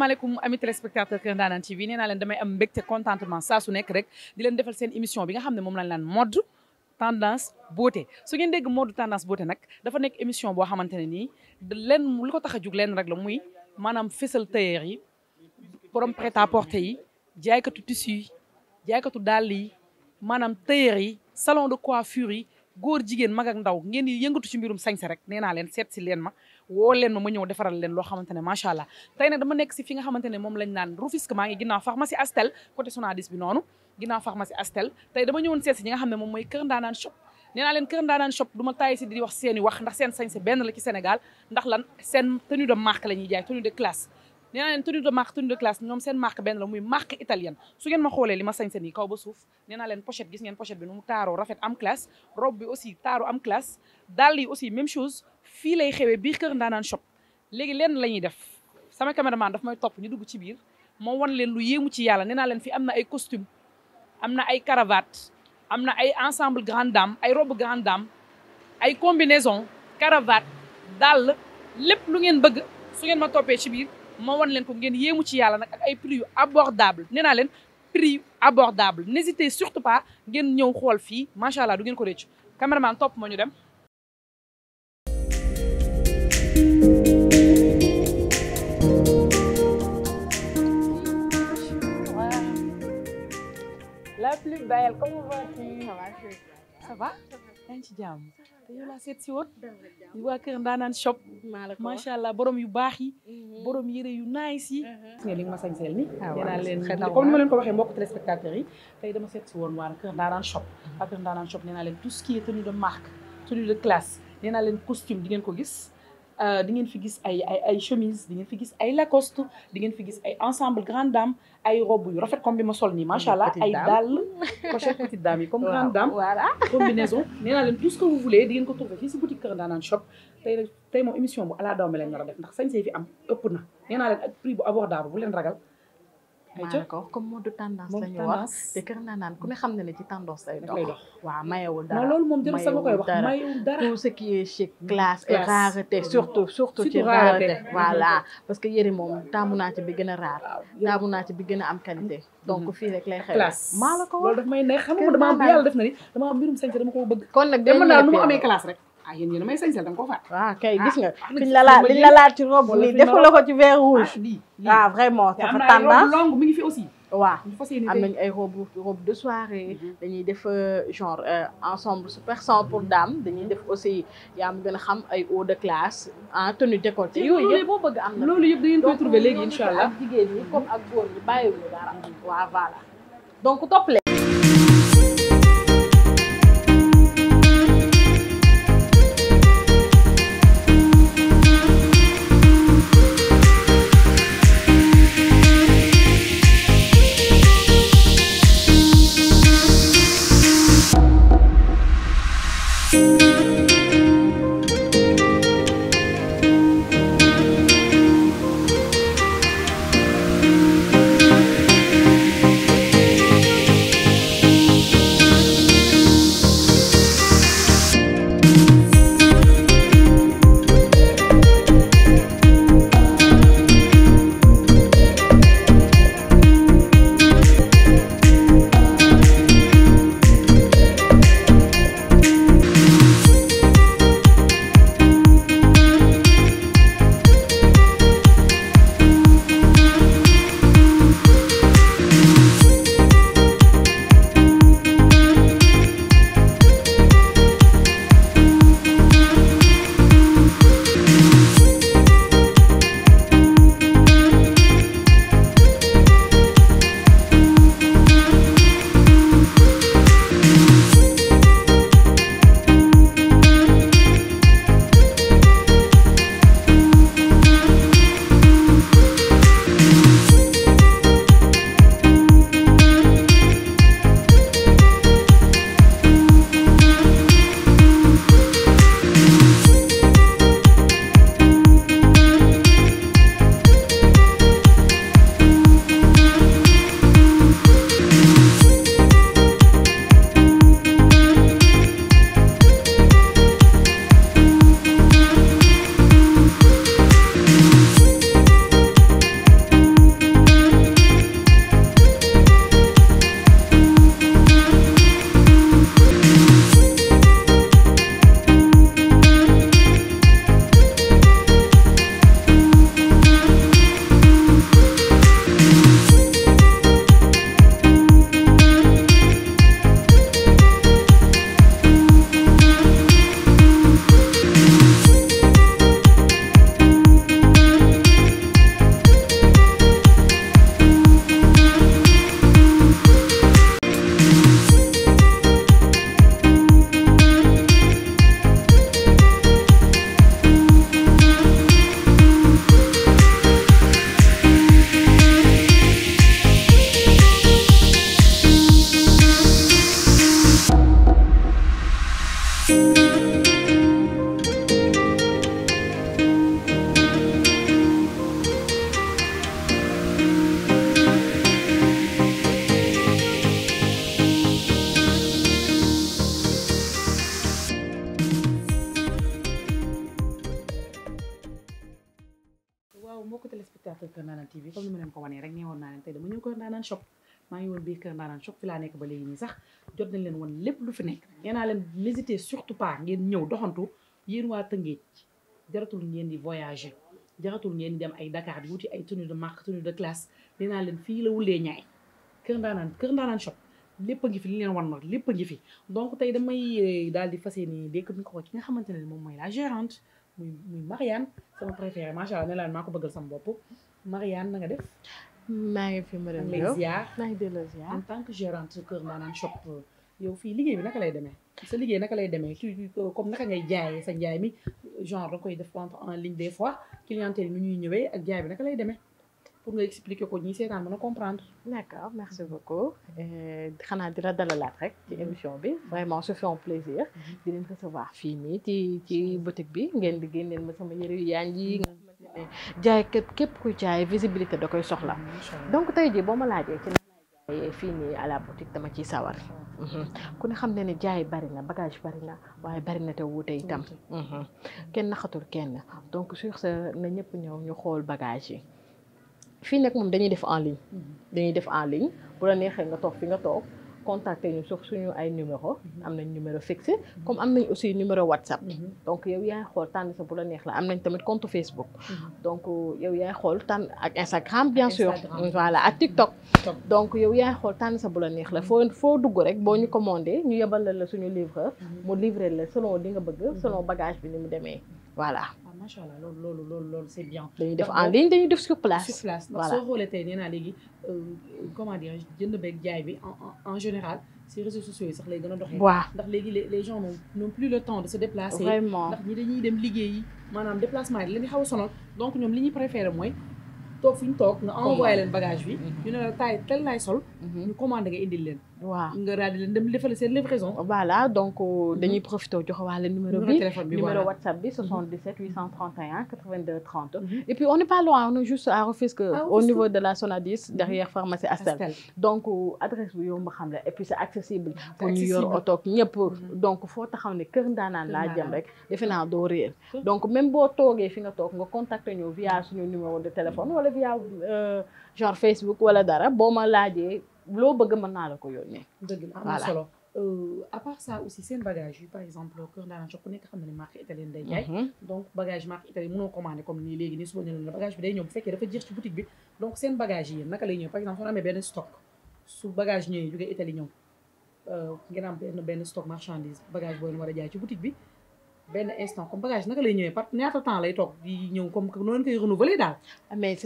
asalaamaaleykum ami téléspectateur Kër Ndanane TV nee naa leen damay am mbégte contentement saa nekk rek di leen defal seen émission bi nga xam ne moom lañ laan mode tendance beauté su geen dégg mode tendance beauté nag dafa nekk émission boo xamante ne nii leen li ko tax a jug leen rek la muy maanaam fésal tailleur yi borom prêt à porter yi jaaykatu tissu yi jaaykatu dàll yi maanaam tailleur yi salon de coiffure yi góor jigéen mag ak ndaw ngeen di yëngatu ci mbirum sañse rek nee naa leen seet si leen ma woo leen ma ma ñëw defaral leen loo xamante ne macha allah tey nag dama nekk si fi nga xamante ne moom lañ naan Rufisque maa ngi ginnaaw pharmacie Astel côté Sonadis bi noonu ginnaaw pharmacie Astel tey dama ñëwoon seet si ñi nga xam ne moom mooy Kër Ndaanaan shop nee naa leen Kër Ndaanaan seen i benn la ci Sénégal ndax lan seen tenue de marque la ñuy jaay tenue de classe nee naa leen tenue de marque tenue de classe ñoom seen marque benn la muy marque italienne su ngeen ma xoolee li ma sañse nii kaw ba suuf nee naa leen pochette gis ngeen pochette bi nu mu taaroo rafet am classe robe fii lay xewee biir kër Ndanane shop léegi lenn la ñuy def sama caméraman daf may topp ñu dugg ci biir moo wan leen lu yéemu ci yàlla nee naa leen fi am na ay costume am na ay cravate am na ay ensemble grande dame ay robe grande dame ay combinaison cravate dàll lépp lu ngeen bëgg su ngeen ma toppee ci biir moo wan leen ko ngeen yéemu ci yàlla nag ay prix yu abordable nee naa leen prix yu abordable n'hésitez surtout pas ngeen ñëw xool fii macha allah du ngeen ko réccu caméraman topp ma ñu dem la plus belle comment vas-tu ça va ça va yaa ngi ci jàmm te yow laa seet si woon waa kër ndaanaan shop macha allah borom yu baax yi mhm. borom yëre yu nice yi mhm. gis nga li nga ma sañseel ni dinaa ah, leen comme ni ma ko waxee mbokk téléspectateurs yi tey dama seet si woon waa kër ndaanaan shop waa kër ndaanaan shop nee leen tout ce qui est tenue de marque tenue de classe nee leen costume di ngeen ko gis Euh, di ngeen fi gis ay ay ay chemise di fi gis ay lacoste di ngeen fi gis ay ensemble grande dame ay robe yu rafet bi ma sol nii macha allah ay dàll pochette petite dame yi comme grande dame voilà combinaison nee naa leen tout ce que vous voulez di ngeen ko trouver fii si boutique Kër Ndanaan shop tey nag tey moom émission bu ala daw mi lañ war a def ndax sañ see fi am ëpp na nee naa leen ak prix bu abordable bu leen ragal maa ko wax comme mode tendance la ñu wax te kër ndaanaan ku ne xam na ne ci tendance lay dox waaw mayewul dara loolu moom jël sama koy wax mayewul dara tout ce qui est chic mm, classe et rareté mm. surtout surtout ci rareté mm-hmm. voilà parce que yëre moom taamu naa ci bi gën a raar taamu naa ci bi gën a am qualité mm-hmm. donc fii rek lay xew maa la ko wax loolu may neex xam dama am yàlla def na ni dama am mbirum sañse dama ko bëgg kon nag dama naa nu mu amee classe rek Ah, da nga ko fàtte. ah kay gis nga liñ ah, la laal liñ la laal ci robe nii defu la ci vert ah, rouge. vraiment dafa tendance robe am nañ ay robe robe de soirée. Mhm. dañuy def euh, genre euh, ensemble super sans pour dame dañuy def aussi yaa ma gën a xam ay haut de classe en tenue décolleté. yooyu yëpp boo bëgg am na loolu yëpp da ngeen koy trouver léegi incha allah. donc ak Kër Ndanane TV comme ni ma leen ko wanee rek nee woon naa tey dama ñëw Kër Ndanane shop maa ngi woon biir Kër Ndanane shop fi nekk ba léegi nii sax jot nañ leen woon lépp lu fi nekk leen n'hésitez surtout pas di voyager jaratul ngeen di de marque tenue de classe nee naa leen fii la wulee ñaay Kër Ndanane Kër Ndanane shop lépp a ngi fi li leen wan nag lépp a ngi fi donc tey damay eh, daal di fas yéene dégg mi ko ki nga xamante ne moom mooy la gérante muy muy Mariane sama préférée macha allah ne maa ko bëggal sama bopp Mariane na nga def. maa ngi fi madame Diop maa ngi delloo ziar en tant que yow fii liggéey bi naka lay demee sa liggéey naka lay demee tu comme naka ngay jaayee sa njaay mi genre da koy def vente en ligne des fois clientèle mi ñuy ñëwee ak jaay bi naka lay demee pour nga expliquer ko ñi seetaan mën a comprendre. d'accord merci beaucoup euh, xanaa dina dalalaat rek ci mhm. émission bi vraiment ce fut un plaisir mhm. di leen recevoir fii nii ci ci boutique bi ngeen di génneel ma sama yëre yu yaañ mhm. ne jaay képp kuy jaay visibilité da koy soxla mhm, donc tey jii boo ma laajee ci nan laay fii nii à la boutique dama ciy sawar mhm. ku ne xam ne ne jaay bari na bagage bari na waaye bari na te wuute itam mhm. kenn naxatul kenn donc sur ce na ñëpp ñëw ñu xool bagage yi fii nag moom dañuy def en ligne dañuy def en ligne bu la neexee nga toog fi nga toog contacter ñu sur suñu ay numéro mhm. am nañ numéro fixe mhm. comme am nañ aussi numéro WhatsApp mhm. donc yow yaay xool tànn sa bu la neex la am nañ tamit compte Facebook donc yow yaay xool tànn ak Instagram bien sûr voilà ak TikTok donc yow yaay xool tànn sa bu la neex la foo foo dugg rek boo ñu commandé ñu yebal la la suñu livreur mu livrer la selon di nga bëgg selon bagage bi ni mu demee voilà macha allah loolu loolu loolu loolu c' est bien. dañuy def en ligne dañuy def sur place. sur place ndax soo xoolee tey nee naa léegi euh, comment dire jënd beeg jaay bi en en général si réseaux sociaux yi sax lay gën a doxee. waaw ndax léegi les les gens n'ont plus le temps de se déplacer. vraiment ndax ñi dañuy dem liggéeyi maanaam déplacement yi dañuy xaw a sonal donc ñoom li ñuy préféré mooy. toog fi ñu toog nga envoyé leen bagage bi. Mhm. ñu ne la taay tel laay sol. Mhm. nga indil leen. dem defal seen livraison. voilà donc euh, mhm. dañuy profité joxe waale numéro numéro WhatsApp bi 77 831 82 30. et puis on n'est pas loin on est juste ah, de la Sonadis derrière pharmacie Astel. donc euh, adresse bi yomb xam la et puis c'est accessible. pour ñu yor oto ak ñëpp. donc foo taxaw ne Kër Ndaanaan laa jëm rek defe naa donc même boo toogee fi nga toog nga contacter ñu via la via euh, genre Facebook wala dara boo ma laajee loo bëgg man naa la ko yónnee. dëgg la am na solo euh, à part ça aussi seen bagage par exemple Kër Ndaanaan ku nekk xam na ne marque italienne day jaay. Mhm. donc bagage marque italienne mënoo commandé comme nii léegi nii suba ñu la bagage bi day ñëw bu fekkee dafa jeex ci boutique bi donc seen bagage yi naka lay ñëw par exemple soo amee benn stock su bagage ñëwee jógee Italie ñëw euh, ngeen am benn benn stock marchandise bagage boo war a jaay ci boutique bi. benn instant comme bagage naka lay ñëwee par ñaata lay toog di ñëw comme noonu daal. Ah, mais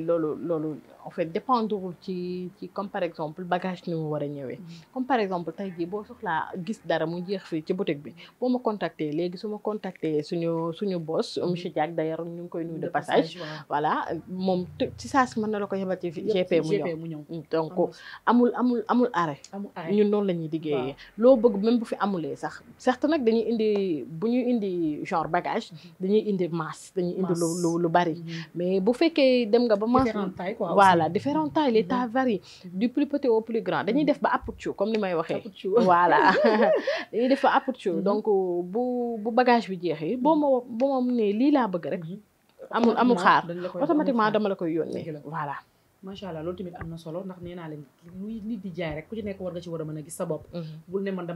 loolu loolu en fait dépendrewul ci ci comme par exemple bagage ni war a ñëwee. Mm-hmm. comme par exemple tey jii boo soxlaa gis dara mu jeex fii ci boutique bi boo ma contacter léegi suma ma contacter suñu suñu boss mm-hmm. monsieur Diack d'ailleurs ñu ngi koy nuyu de passage. voilà moom ci saa si mën na la ko yebal ci GP mu ñëw mm, donc amul amul amul arrêt. amul arrêt ñun noonu la ñuy liggéeyee. loo bëgg même bu fi amulee sax certes nag dañuy indi indi genre bagage mhm. dañuy indi masse dañuy indi lu lu lu bari mhm. mais bu fekkee dem nga ba masse voilà différentes tailles les tailles mhm. varient du plus petit au plus grand dañuy def ba appuccu comme ni may waxee voilà dañuy def ba appuccu donc bu bu bagage bi jeexee boo ma boo ma ne lii laa bëgg rek amul amul xaar automatiquement dama la koy yónnee voilà macha allah loolu tamit am na solo ndax nee naa leen luy nit jaay rek ku ci nekk war nga ci war a mën a gis sa bopp ne man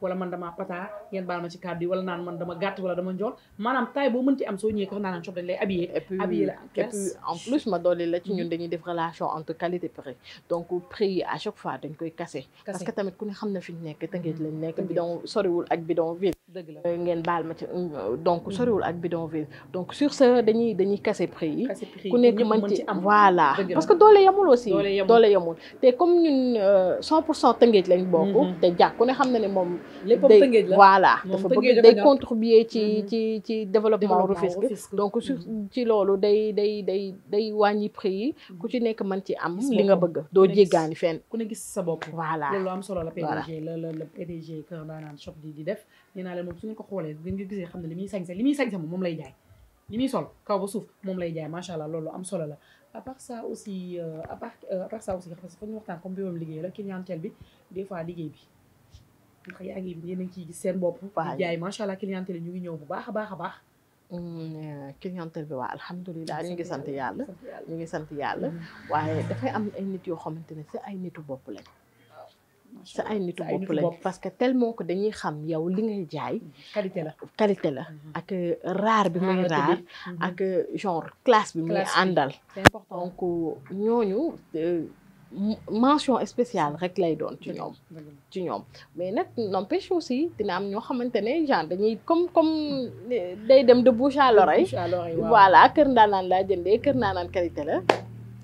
wala man dama pata ngeen baal ma ci kàddu yi wala naan man dama gàtt wala dama njool maanaam taay boo mënti am soo ñëwee ko naan shop ci ñun mhm. dañuy def relation entre qualité prix donc prix yi à chaque fois que tamit ku ne xam na fi ñu nekk tëngeej lañ nekk bidon soriwul ak bidon ville dëgg ngeen baal ma ci euh, donc mhm. soriwul ak bidon ville donc sur ce dañuy dañuy casser yi ku nekk mën ci am voilà parce que doole yamul aussi doole yamul te comme ñun euh, cent pour cent tëngeej lañ bokk mhm. te jàkk ku ne xam na ne moom lépp day voilà dafa bëgg day contribuer ci mm-hmm. ci ci développement Rufisque donc su mm-hmm. ci loolu day day day day wàññi prix yi mm-hmm. ku ci nekk mën ci am li nga bëgg doo jéggaani fenn ku ne gis sa bopp voilà loolu am solo la PDG la la la PDG Keur Ndanane Shop di di def nee leen su ngeen ko xoolee bu gisee xam ne li muy sañse li muy sañse moom moom lay jaay li muy moom lay jaay macha allah loolu am solo la à part ça aussi euh, à part euh, aussi parce ñu waxtaan comme bi moom liggéey la clientèle bi des liggéey bi ndax yaa ngi yéen a ngi ciy gis seen bopp. waaw jaay macha allah clientèle ñu ngi mm, eh, bi waa alhamdulilah ñu ngi sant yàlla. ñu ngi sant yàlla. Mm. waaye dafay am ay nit yoo xamante ne si ay nitu bopp lañ. sa ay nitu bopp lañ parce que tellement ko dañuy xam yow li ngay jaay. qualité la qualité la mm-hmm. ak euh, rare bi muy rare. Mm-hmm. ak euh, genre classe bi muy àndal. donc euh, ñooñu. mention spéciale rek lay doon ci ñoom ci ñoom mais nag n'empêche aussi dina am ñoo xamante ne genre dañuy comme comme day dem de bouche à l'oreille voilà kër ndaanaan laa jëndee kër ndaanaan qualité la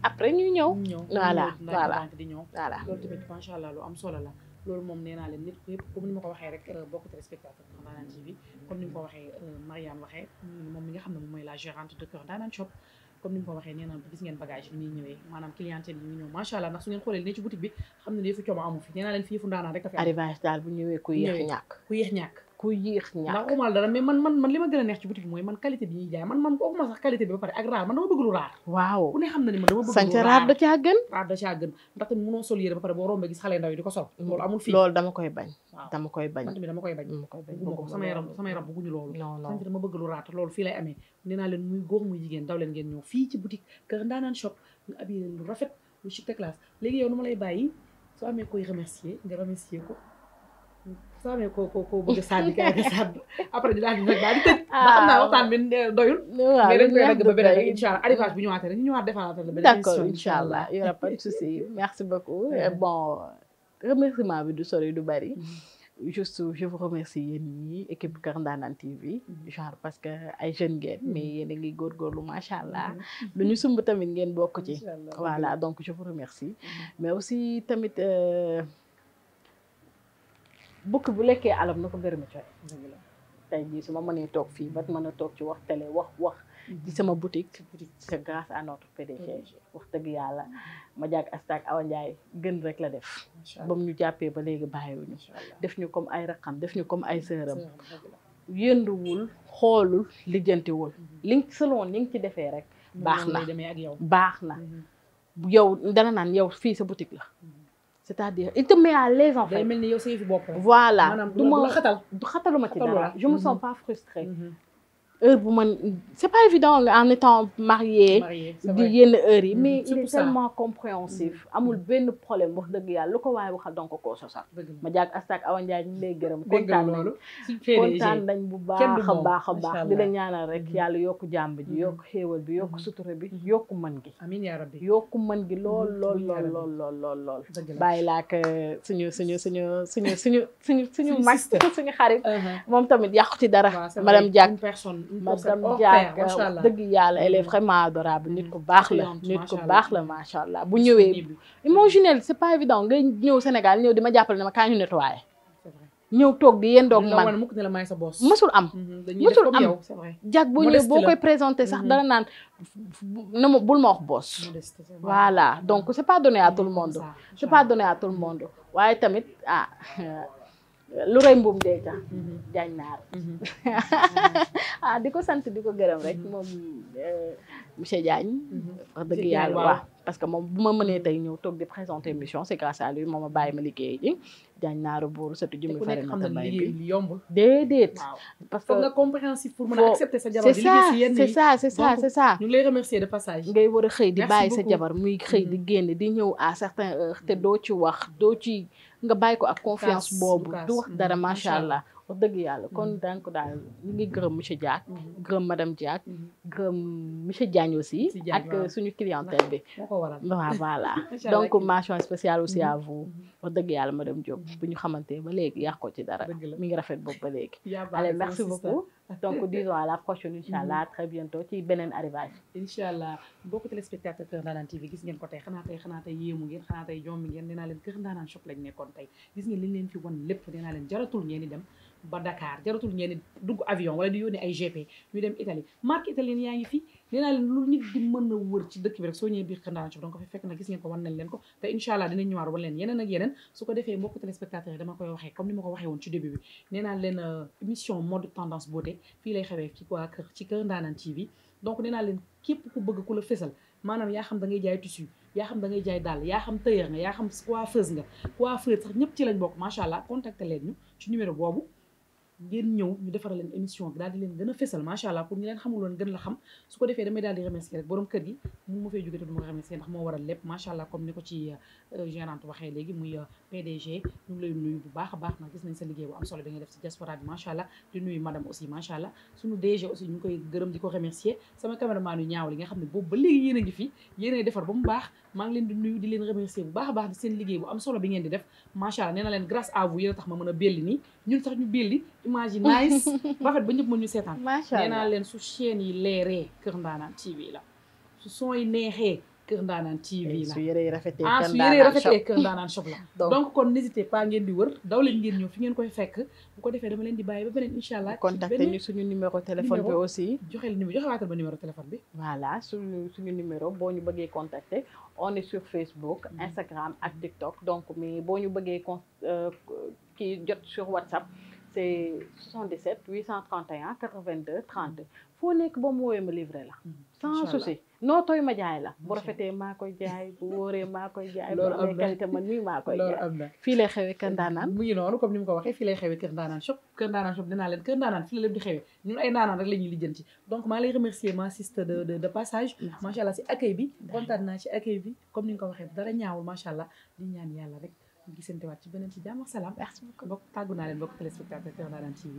après ñu ñëw voilà voilà voilà loolu tamit macha allah lu am solo la loolu moom nee naa leen ni ma ko waxee rek euh, bokk téléspectateur ndaanaan ko waxee euh, Mariam waxee moom mi nga xam ne moom mooy la gérante de Kër Ndaanaan Shop comme ni mu ko waxee nee na gis ngeen bagage bi ñuy maanaam clientèle yi ñu ñëw allah ndax su ngeen xoolee ne ci boutique bi xam ne ne yëfu coomo amu fi nee naa leen fi yëfu ndaanaan rek. arrivage daal bu ñëwee ku yéex ñàkk ku yéex ñàkk ku yéex ñàkk ndax waxuma dara mais man man man li ma gën a neex ci boutique mooy man qualité bi ñuy jaay man man waxuma sax qualité bi ba pare ak raar man dama bëgg lu raar waaw ku ne xam na ni man dama bëgg lu raar loolu fii lay amee nee leen muy góor muy jigéen daw leen ngeen ñëw fii ci boutique kër Ndaanaan shop nga habillé leen lu rafet lu chic te classe léegi yow ma lay bàyyi soo amee koy remercier nga remercier ko soo amee koo koo koo bëgg a ah, sànni um. kay bon remerciement bi du sori du bari. juste je vous remercie yéen ñi équipe Keur TV genre parce que ay jeunes ngeen mm-hmm. mais yéen a ngi góorgóorlu macha allah mm-hmm. lu ñu sumb tamit ngeen bokk ci. voilà donc je vous remercie mm-hmm. mais aussi tamit. Euh, bukk bu lekkee alam na ko gërëma coy tey jii su ma mënee toog fii ba mën a toog ci wax télé wax wax di mhm. sama boutique c'est grâce à notre PDG wax dëgg yàlla ma jaag astak Awa Ndiaye gën rek la def bam ñu jàppee ba léegi bàyyiwuñu def ñu comme ay raqam def ñu comme ay sëram yënduwul xoolul lijjantiwul mhm. li nga selon li nga ci defee rek baax na baax na mhm. yow dana naan yow fii sa boutique la c'est-à-dire il te met à l'aise en fait. day mel ni yow sa yëfu bopp voilà du ma xatal du xataluma ci dara je me mm-hmm. sens pas frustrée mm-hmm. heure bu man c'est pas évident en étant marié di yenn heure yi mm-hmm. mais il est tellement compréhensif mm-hmm. amul mm-hmm. benn problème wax dëgg yàlla lu ko waaye waxal donc koo sosal ma jaag astak Awa Ndiaye ñu lay gërëm kontaan nañ kontaan nañ bu baax a baax a baax di la ñaanal rek yàlla yokk jàmb ji yokk xéewal bi yokk sutura bi yokk man gi amiin yaa rabbi yokku mën gi lool lool lool lool lool lool lool bàyyi laak euh, suñu suñu suñu suñu suñu suñu suñu mag suñu xarit uh-huh. moom tamit yàqu ci dara madame Diack personne madame Diaga oh, dëgg yàlla elle est mm. adorable nit ku baax la nit ku baax la macha allah bu ñëwee imaginel c'est pas évident nga ñëw Sénégal ñëw di ma jàppale ne ma kaa ñu nettoyé ñëw toog di yéen doog man mësul am mësul mhm, am boo ñëwee boo koy présenté sax mhm. dara naan na ma bul ma wax boss voilà donc c'est pas donné à tout le monde c'est pas donné à tout le monde waaye tamit ah, lu rëy mbuum dee tax mhm. jaañ naar mhm. ah di ko sant di ko gërëm rek mhm. moom euh, monsieur Diagne wax dëgg yàlla waaw parce que moom bu ma mënee mm. tey ñëw toog di présenter mm. émission c'est grâce à moom a bàyyi ma liggéey ji jaañ naaru buur surtout jëmmi fare na mbay bi parce que nga compréhensif pour mën a accepter sa jabar c'est ça c'est ça ngay war a xëy di bàyyi sa jabar muy xëy di mm. génn di ñëw à certaines te doo ci wax doo ci nga bàyyi ko ak confiance boobu du wax dara macha allah wax dëgg yàlla kon mm-hmm. donc daal ñu ngi gërëm monsieur Diack mm-hmm. gërëm madame Diack mm-hmm. gërëm monsieur Diagne aussi ak euh, suñu clientèle bi waaw voilà donc mention spéciale aussi à vous wax dëgg yàlla madame Diop bu ñu xamante ba léegi yàq ko ci dara mi ngi rafet boobu ba léegi allez merci beaucoup donc disons à la prochaine incha allah mhm. très bientôt ci beneen arrivage. incha allah mbokki téléspectateur Kër Ndanane TV gis ngeen ko tey xanaa tey xanaa tey ngeen xanaa tey jommi ngeen nee leen Kër Ndanane shop lañ nekkoon tey gis ngeen li ñu leen fi won lépp nee naa leen jaratul ngeen dem ba Dakar jaratul ngeen dugg avion wala di yónnee ay GP ñu dem Italie marque italienne yaa ngi fi. nee naa leen lu nit di mën a wër ci dëkk bi rek soo ñëwee biir Kër Ndanane Show donc fi fekk na gis ngeen ko wan nañ leen ko te incha allah dinañ ñëwaat wan leen yeneen ak yeneen su ko defee mbokk téléspectateurs yi dama koy waxee comme ni ma ko waxee woon ci début bi nee naa leen euh, émission mode tendance beauté fii lay xewee ci waa kër TV donc nee leen képp ku bëgg ku la fésal maanaam yaa xam da ngay jaay tissu yaa xam dangay jaay daal yaa xam tailleur nga yaa xam coiffeuse nga coiffeur sax ñëpp ci lañ bokk macha allah contacté boobu ngeen ñëw ñu defaral leen émission bi daal di leen gën a fésal macha pour ñu leen xamuloon gën la xam su ko defee damay daal di remercier rek borom kër gi mu ma fay jóge te du ma remercier ndax moo waral euh, euh, bu baax a baax nag gis nañ sa liggéey bu am solo bi nga def si diaspora bi macha allah di nuyu madame aussi macha allah ne boobu ba léegi yéen a ngi fi leen di nuyu di leen remercier bu baax a baax di seen liggéey bu am solo bi ngeen di def macha allah leen grâce à vous a tax ma mën a belli nii ñun sax ñu belli image yi nice rafet ba ñëpp mën ñu seetaan nee naa leen su chaîne yi leeree Kër Ndaanaan TV la su son yi neexee Kër Ndaanaan TV la su yëree rafetee ah su yëree rafetee Kër Ndaanaan shop la donc kon n'hésitez pas ngeen di wër daw leen ngeen ñëw fi ngeen koy fekk bu ko defee dama leen di bàyyi ba beneen incha allah contacté ñu suñu numéro téléphone bi aussi joxe leen numéro joxe waatal ba numéro téléphone bi voilà suñu suñu numéro boo ñu bëggee contacter on est sur Facebook mm-hmm. Instagram ak TikTok donc mais boo ñu bëggee euh, kii jot sur WhatsApp c' est 77 831 82 30 foo nekk boo mu woowee ma livré la. sans souci noo tooy ma jaay la. bu rafetee maa koy jaay bu wóoree maa koy jaay. loolu am na koy jaay. fii lay mu ngi noonu comme ni mu ko waxee fii lay xewee Kër Ndaanaan shop Kër Ndaanaan shop dinaa leen Kër Ndaanaan fii la lépp di xewee ñun ay ndaanaan rek la ñuy lijjanti donc maa lay remercier ma sister de de de passage. macha allah si accueil bi kontaan naa ci accueil bi comme ni nga ko waxee dara ñaawul macha allah di ñaan yàlla ñu gisante waat ci beneen ci jàmm ak salaam. merci beaucoup mbokk naa leen mbokk téléspectateur Ndandane TV.